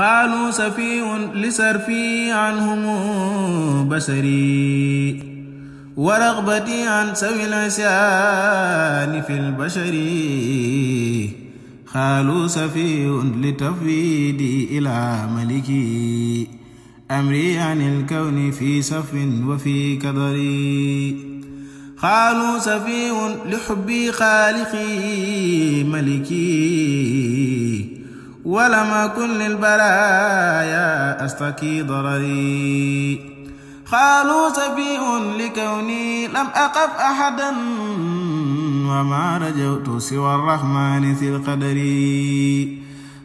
قالوا سفيه لسرفي عنهم بشري ورغبتي عن سوي العصيان في البشر قالوا سفيه لتفويدي إلى ملكي أمري عن الكون في سف وفي كدري قالوا سفيه لحبي خالقي ملكي ولم أكن للبرايا أستكي ضرري قالوا سفيء لكوني لم أقف أحدا وما رجوت سوى الرحمن ذي القدر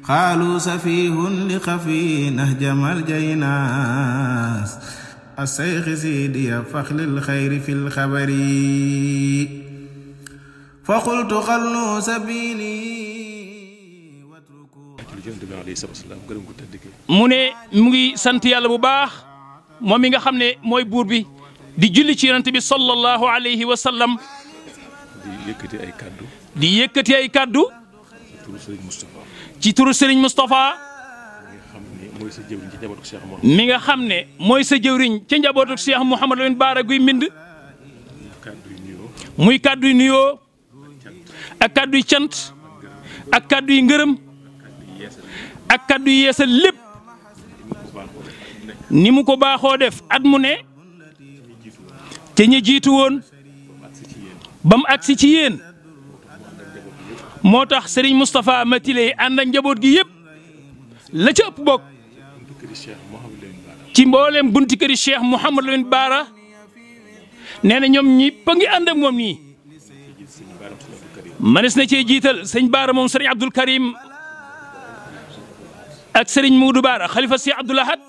قالوا سفيه لخفي نهجم الجيناس الشيخ سيدي فخل الخير في الخبر فقلت خلوا سبيلي mu ne mu ngi sant yàlla bu baax moom mi nga xam ne mooy buur bi di julli ci yonent bi sallallahu alayhi wa sallam. di yëkkati ay kaddu. di yëkkati ay kàddu ci turu sëriñ Moustapha. ci turu Serigne Moustapha. mi nga xam ne mooy sa jëwriñ ca njabootu Cheikh Mouhamadou Lamine Bara Gueye Mbind. muy kaddu yu ak kaddu cant. ak kaddu ngërëm. ak kaddu yeesal lépp ni mu ko baaxoo def at mu ne ca ñi jiitu woon ba mu agsi ci yéen moo tax Serigne Moustapha Matiley ànd ak njaboot gi yëpp la ca ëpp bokk ci mboolem bunti këri Cheikh Mouhamadou Lamine Baara nee na ñoom ñëpp a ngi ànd ak moom nii manes na cee jiital sëñ Baara moom Serigne Abdoul Karim. ak Serigne Moudou Baara xalifa si Abdoul Ahad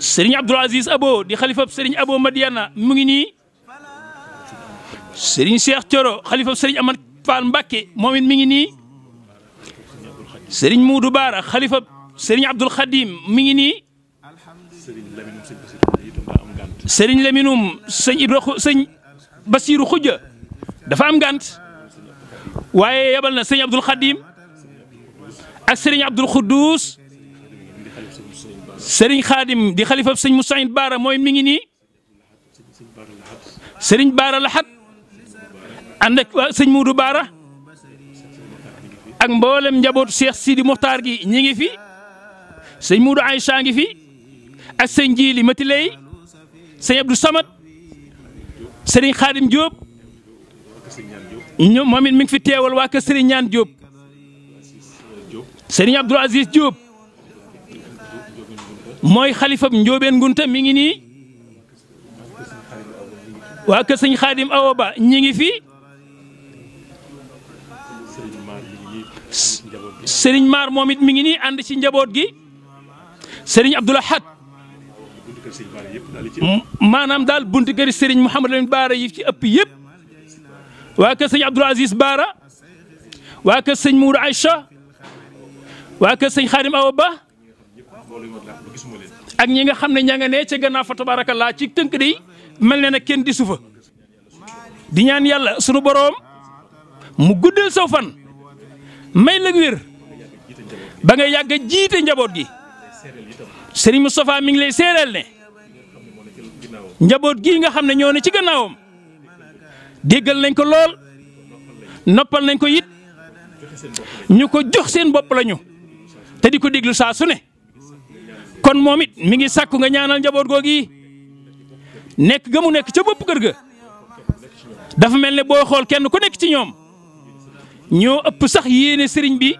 Serigne Abdoul Aziz Abo di xalifa Serigne Abo Madiana mu ngi nii Serigne Cheikh Thioro xalifa Serigne Amad mi ngi nii Serigne Moudou mi ngi nii Serigne Laminum sëñ Basiru Khoudia dafa am gànt waaye yabal na sëñ Abdoul ak sëriñ Abdul Xuddus sëriñ Xaadim di xalifab sëñ Moussa Baara mooy mi ngi nii sëriñ Baara Laxat ànd ak sëñ Muudu Baara ak mboolem njabootu Cheikh Sidi Mokhtar gi ñi ngi fi sëñ Muudu Aïcha ngi fi ak sëñ Jiili Matiley sëñ Abdou Samad sëriñ Xaadim Diop ñoom moom it fi teewal waa kër sëriñ Ñaan Diop. sëriñ Abdou Aziz Diop mooy xalifab Njóobeen Ngunta mi ngi nii waa kër sëñ Xaadim Awa Ba ñi ngi fi sëriñ Maar moom it mi ngi nii ànd ci njaboot gi sëriñ Abdou Lahad maanaam daal buntu kër sëriñ Mouhamadou Lamine Baara yi ci ëpp yëpp waa kër sëñ Aziz Baara waa kër sëñ Mourou Aïcha waa kër sëñ Xaadim Awa Ba ak ñi nga xam ne ña nga ne ca gannaaw fa laa ci tënk di mel ne na kenn di sufa di ñaan yàlla sunu boroom mu guddal saw fan may la ba nga yàgg jiite njaboot gi sëriñ Moustapha mi ngi lay séeréel ne njaboot gii nga xam ne ñoo ne ci gannaawam déggal nañ ko lool noppal nañ ko it ñu ko jox seen bopp lañu te di ko déglu saa su ne kon moom it mi ngi sàkku nga ñaanal njaboot googu yi nekk ga mu nekk ca bopp kër ga dafa mel ne booy xool kenn ku nekk ci ñoom ñoo ëpp sax yéene sëriñ bi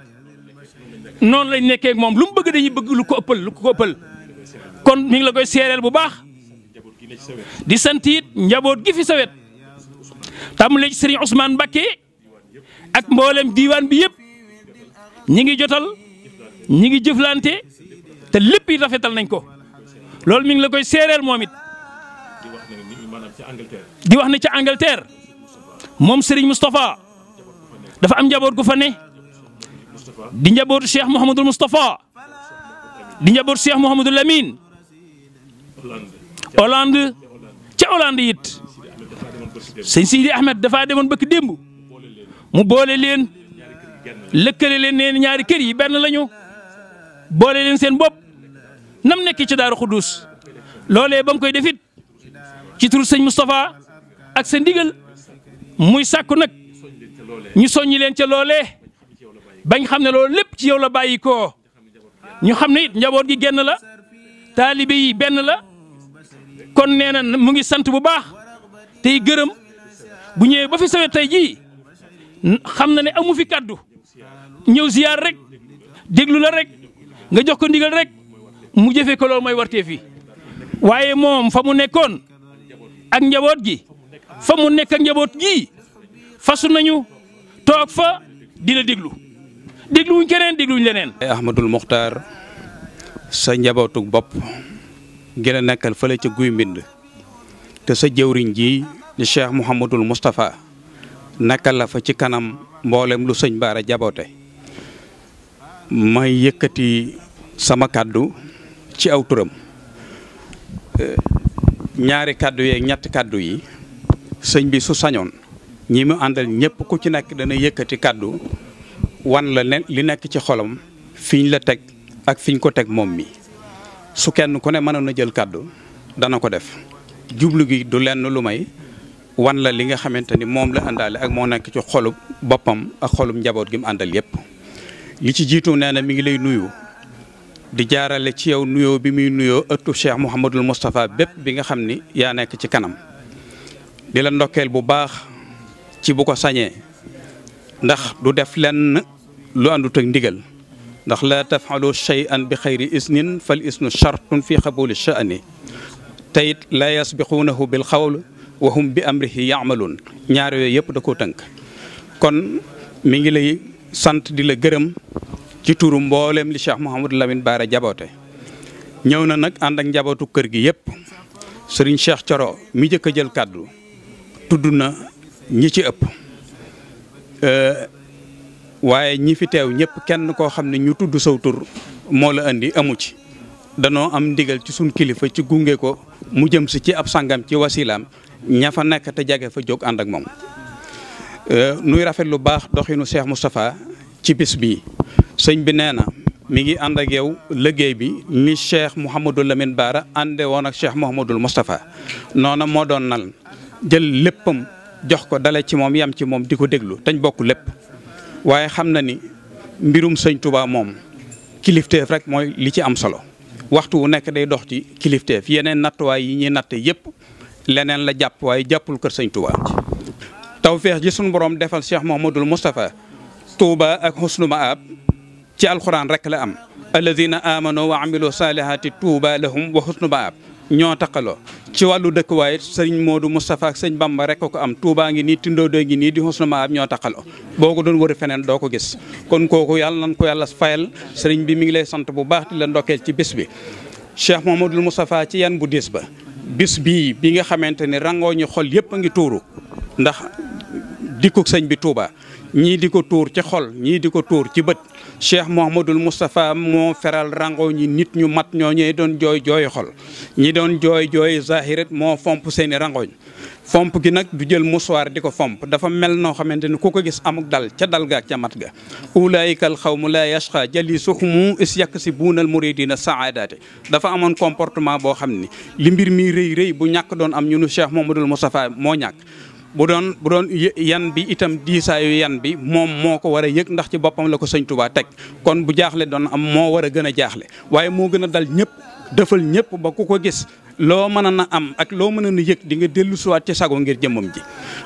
noonu lañ nekkee moom lu mu bëgg dañuy bëgg lu ko ëppal lu ko kon mi ngi la koy seereel bu baax di sant njaboot gi fi sawet tàmbalee ci sëriñ Ousmane Mbacké ak mboolem diiwaan bi yëpp ñi ngi jotal. ñi ngi jëflante te lépp yi rafetal nañ ko loolu mi ngi la koy séeréel moom it di wax ne ca Angleterre moom Serigne Moustapha dafa am njaboot gu fa ne di njabootu Cheikh Mouhamadul Moustapha di njabootu Cheikh Mouhamadul Lamine Hollande ca Hollande it sëñ Sidi Ahmed dafaa demoon bëkk démb mu boole leen lëkkale leen nee ñaari kër yi benn lañu boole leen seen bopp nam nekk ci daaru Xudduus loolee ba mu koy defit ci turu sëñ Moustapha ak sa ndigal muy sàkku nag ñu soññi leen ca loolee bañ xam ne loolu lépp ci yow la bàyyi koo ñu xam ne it njaboot gi genn la taalibe yi benn la kon nee na mu ngi sant bu baax tey gërëm bu ñëwee ba fi sawet tey jii xam na ne amu fi kàddu ñëw ziyaar rek déglu la rek. nga jox ko ndigal rek mu jëfee ko loolu mooy wartee fi waaye moom fa mu nekkoon ak njaboot gi fa mu nekk ak njaboot gi fasu nañu toog fa di la déglu dégluwuñ keneen dégluwuñ leneen. Ahmadul Muxtaar sa njabootug bopp gën a nekkal fële ca guy mbind te sa jëwriñ ji di Cheikh Mouhamadul Moustapha nekkal la fa ci kanam mboolem lu sëñ Baara jaboote. may yëkkati sama kàddu ci aw turam eh, ñaari kàddu yeeg ñetti kàddu yi sëñ bi su sañoon ñii mu àndal ñëpp ku ci nekk dana yëkkati kàddu wan la li nekk ci xolam fiñ la teg ak fiñ ko teg moom mi su kenn ku ne mënoon a jël kàddu dana ko def jublu gi du lenn lu may wan la li nga xamante ni moom la àndaale ak moo nekk ci xolub boppam ak xolub njaboot gi mu àndal yëpp li ci jiitu nee na mi ngi lay nuyu di jaarale ci yow nuyoo bi muy nuyoo ëttu Cheikh Mouhamadul Moustapha bépp bi nga xam ni yaa nekk ci kanam di la ndokkeel bu baax ci bu ko sañee ndax du def lenn lu àndut ak ndigal ndax la tafalu shay'an bi xayri isnin fal isnu shartun fi xabuli sha'ni tayit la yasbiquunahu bil xawl wa hum bi amrihi yaamaluun ñaar yooyu yëpp da koo tënk kon mi ngi lay sant di la gërëm ci turu mbooleem li Cheikh Mouhamadou Lamine Bara jaboote ñëw na nag ànd ak njabootu kër gi yëpp sëriñ Cheikh Coro mi njëkk a jël kàddu tudd na ñi ci ëpp euh, waaye ñi fi teew ñëpp kenn koo xam ne ñu tudd saw tur moo la indi amu ci danoo am ndigal ci suñ kilifa ci gunge ko mu jëm si ci ab sangam ci wasilaam ña fa nekk te jage fa jóg ànd ak moom Euh, nuy rafet lu baax doxinu Cheikh Moustapha ci bis bi sëñ bi nee na mi ngi ànd ak yow liggéey bi ni Cheikh Mouhamadul lamin Baara ànde woon ak Cheikh Mouhamadul Moustapha noona moo doon nal jël léppam jox ko dale ci moom yam ci moom di ko déglu tañ bokk lépp waaye xam na ni mbirum sëñ Touba moom kilifteef rek mooy li ci am solo waxtu wu nekk day dox ci kilifteef yeneen nattuwaay yi ñuy natte yépp leneen la jàpp waaye jàppul kër sëñ Touba tawféex ji sunu borom defal Cheikh Mouhamadul Moustapha Touba ak Husnu Maab ci alxuraan rek la am. alladina amano wa amilu salihati Touba lahum wa Husnu Maab ñoo taqaloo ci wàllu dëkkuwaay sëñ Modou Moustapha ak sëñ Bamba rek ko am Touba ngi nii Tindodoo ngi nii di Husnu Maab ñoo taqaloo boo ko doon wër feneen doo ko gis. kon kooku yàlla nan ko yàlla fayal sëriñ bi mi ngi lay sant bu baax di la ndokkeel ci bis bi Cheikh Mouhamadul Moustapha ci yan bu diis ba bis bii nga xamante ni rangoo ñu xol yëpp a ngi tuuru dikkug sëñ bi Touba ñii di ko tuur ci xol ñii di ko tuur ci bët Cheikh Mouhamadul Moustapha moo feral rango ñi nit ñu mat ñoo ñee doon jooy jooy xol ñi doon jooy jooy zahirat moo fomp seeni rangoñ fomp gi nag du jël musuwaar di ko fomp dafa mel noo xamante ne ku ko gis amuk dal ca dal ca mat ga ulaayikal xawmu laa yashqa jali suxumu is yàkk si buunal muridina saadaate dafa amoon comportement boo xam ni li mbir mi rëy rëy bu ñàkk doon am ñu nu Cheikh Mouhamadul Moustapha moo ñàkk bu doon bu doon yan bi itam diisaayu yan bi moom moo ko war a yëg ndax ci boppam la ko sëñ teg kon bu jaaxle doon am moo war a gën a jaaxle waaye moo gën a dal ñëpp defal ñëpp ba ku ko gis loo mën a na am ak loo mën a na yëg di nga dellu suwaat ci sago ngir jëmmam ji.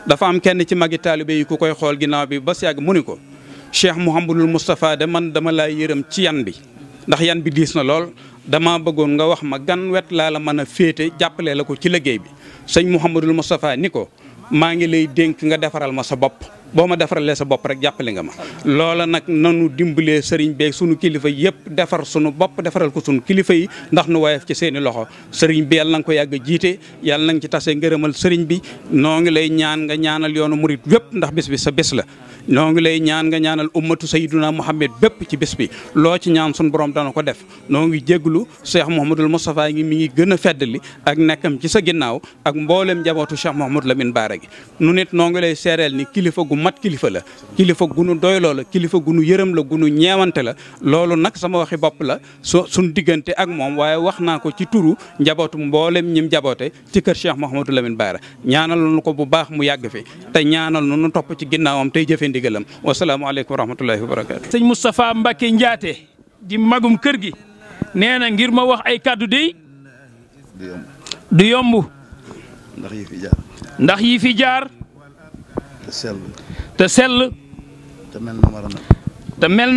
dafa am kenn ci magi taalibe yi ku koy xool ginnaaw bi ba si yàgg mu ni ko Cheikh Mouhamadul Moustapha de man dama laa yërëm ci yan bi ndax yan bi diis na lool. dama bëggoon nga wax ma gan wet laa la mën a féete jàppale la ko ci liggéey bi sëñ Mouhamadul Moustapha ni ko maa ngi lay dénk nga defaral ma sa bopp boo ma defaralee sa bopp rek jàppale nga ma loola nag nanu dimbalee sëriñ bee sunu kilifa yëpp defar sunu bopp defaral ko sunu kilifa yi ndax nu woyof ci seeni loxo sëriñ bi yàlla na nga ko yàgg jiite yàlla nang ci tasee ngërëmal sëriñ bi noo ngi lay ñaan nga ñaanal yoonu murit wépp ndax bis bi sa bés la noo ngi lay ñaan nga ñaanal ummatu sayyiduna muhammad bépp ci bés bi loo ci ñaan sun borom dana ko def noo ngi jéglu cheikh mouhamadul moustapha ngi mi ngi gën a feddali ak nekkam ci sa ginnaaw ak mboolem njabootu cheikh mouhamadou lamine baara gi nu nit noo ngi lay seereel ni kilifa gu mat kilifa la kilifa gunu doyloo la kilifa gunu yërëm la gunu nu la loolu nag sama waxi bopp la so suñ diggante ak moom waaye wax naa ko ci turu njabootu mboolem ñim njaboote ci kër cheikh mouhamadou lamine baara ñaanal nu ko bu baax mu yàgg fi te ñaanal nu nu topp ci ginnaawam tey jëfe ndigalam wasalaamaaleykum wa rahmatullahi wa barakaatu. sëñ Moustapha Mbacke Ndiaté di magum kër gi nee na ngir ma wax ay kàddu dey du yomb. ndax yi jaar. ndax yi fi jaar. te sell. te mel na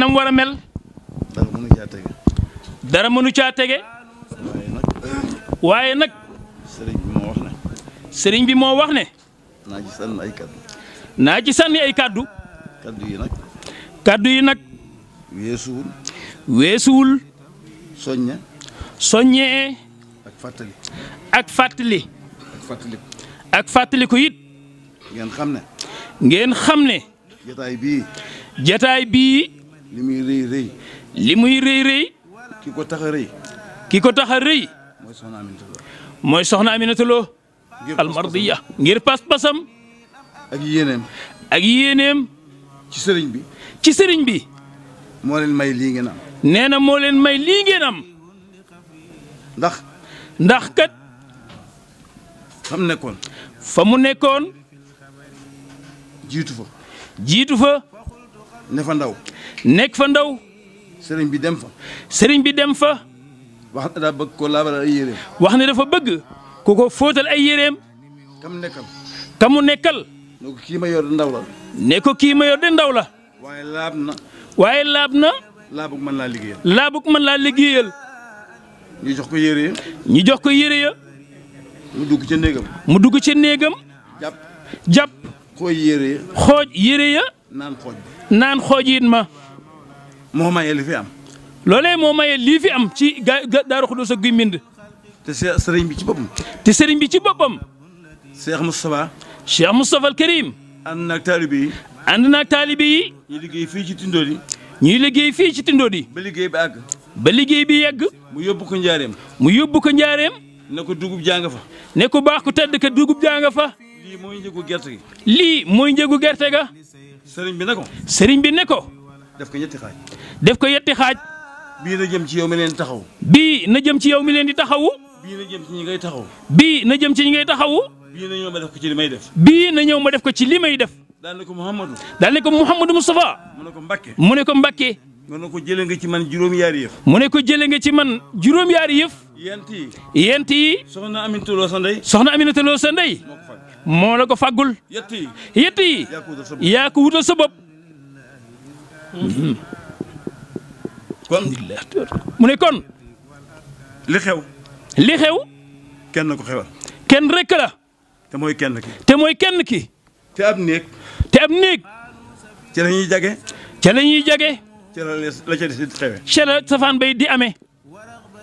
mu war a mel. te dara mënu caa tege. waaye nag. waaye bi moo wax bi moo wax ne. naa ci sànni ay kaddu. naa ci sànni ay kàddu kaddu yi nag. kàddu yi nag. weesuwul. weesuwul. soññe. soññee. ak fàttali. ak fàttali. ak fàttali. ak it. ngeen xam ne. ngeen xam ne. jataay bi jataay bi li muy rëy rëy. li muy rëy rëy. ki ko tax a rëy. ki ko tax a rëy. mooy soxna Aminata almardiya ngir pas-pasam ak yéeneem ak yéeneem ci sëriñ bi ci sëriñ bi moo leen may lii ngeen am nee na moo leen may lii ngeen am ndax ndax kat fa mu nekkoon fa mu nekkoon jiitu fa jiitu fa ne fa ndaw nekk fa ndaw sëriñ bi dem fa sëriñ bi dem fa wax ne bëgg koo laabal ay wax ne dafa bëgg ku ko fóotal ay yéreem. kam nekkal. kamu nekkal. ne ko kii ma yor de ndaw la. ne ko kii ma yor de ndaw la. waaye laab na. waaye laab na. laabug mën laa liggéeyal. laabug mën laa liggéeyal. ñu jox ko yére ya. ñu jox ko yére ya. mu dugg ca néegam. mu dugg ca néegam. jàpp jàpp. xooj yére ya. xooj yére ya. naan xooj. naan xoojiit ma. moo maye li fi am. loolee moo maye lii fi am ci ga daaru Xuddoos ak Guy Mbind te seriñ bi ci boppam. te seriñ bi ci boppam. Cheikh Moustapha. Cheikh Moustapha al Karim. ànd naag taalibe yi. ànd naag taalibe yi. liggéey fii ci Tindodi. ñuy liggéey fii ci Tindodi. ba liggéey bi àgg. ba liggéey bi yegg. mu yóbbu ko njaareem. mu yóbbu ko njaareem. ne ko dugub jàng fa. ne ko baax ku tedd ka dugub jàng fa. lii mooy njëgu gerte gi. lii mooy njëgu gerte ga. sëriñ bi ne ko. sëriñ bi ne ko. def ko ñetti xaaj. def ko ñetti xaaj. bii na jëm ci yow mi leen di taxawu. bii na jëm ci yow mi leen di taxawu. bii na jëm ci ñi ngay taxaw. bii na jëm ci ñi ngay taxawu. bii na ñëw ma def ko ci li may def. bii na ñëw ma def ko ci li may def. daal ne ko Mouhamadou. daal ne ko Mouhamadou Moustapha. mu ne ko Mbacke. mu ne ko Mbacke. mu ne ko jëlee nga ci man juróom-yaari yëf. mu ne ko jëlee nga ci man juróom-yaari yëf. yent yi. yent yi. soxna Aminata Lo sa ndey. soxna Aminata Lo sa ndey. moo la ko faggul. yett yi. yett yi. yaa ko wutal sa bopp. kon mu li xew. kenn ko xewal. kenn rek la. te mooy kenn ki. te mooy kenn ki. te ab néeg. te ab néeg. ca la ñuy jage. ca la ñuy jage. ca la la ca des di xewee. ca la safaan bay di amee.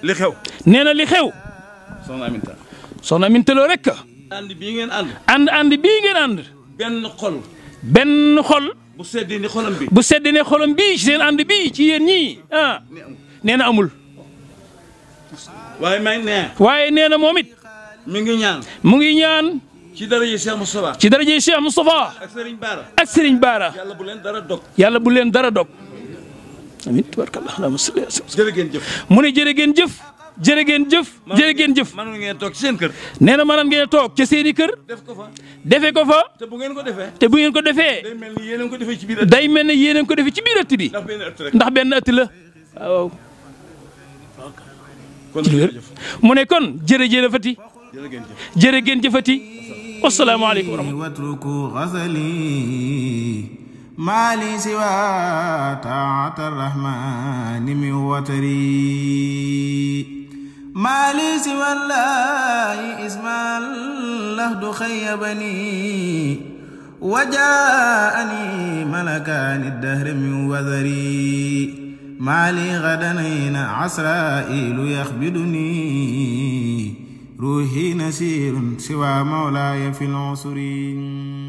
li xew. nee na li xew. soxna Aminta. soxna Aminta loo rek. ànd bii ngeen ànd. ànd ànd bii ngeen ànd. benn xol. benn xol. bu seddee ni xolam bi bu seddee ne xolam bii seen ànd bii ci yéen ñii ah nee na amul. waaye may nee. waaye nee na moom it. mi ngi ñaan. mu ngi ñaan. ci daraja Cheikh Moustapha. ci daraja Cheikh Moustapha. ak Serigne Bara. ak Serigne Bara. bu leen dara dog. yàlla bu leen dara dog. amiin tubaarkalla allahumma salli jëf. mu ne jërë ngeen jëf. jërë ngeen jëf. jërë ngeen jëf mënoon ngeen toog ci seen kër. nee na mënoon ngeen toog ca seen kër. def ko fa defee ko fa. te bu ngeen ko defee. te bu ngeen ko defee. day mel ni yéen a ko defee ci biir day mel ni yéen a ngi ko defee ci biir ëtt bi. ndax benn ëtt la. waaw. ci lu wér mu ne kon jërëjëfati jërë ngeen jëfati asalaamaaleykum wa rahmatulah watruku xasali maali siwa taata rahmani min watari maali siwa llahi ismaal lahdu xayyabani wajaani malakaani dahri min wazari ما لي غدا أين عسرائيل يخبدني روحي نسير سوى مولاي في العسر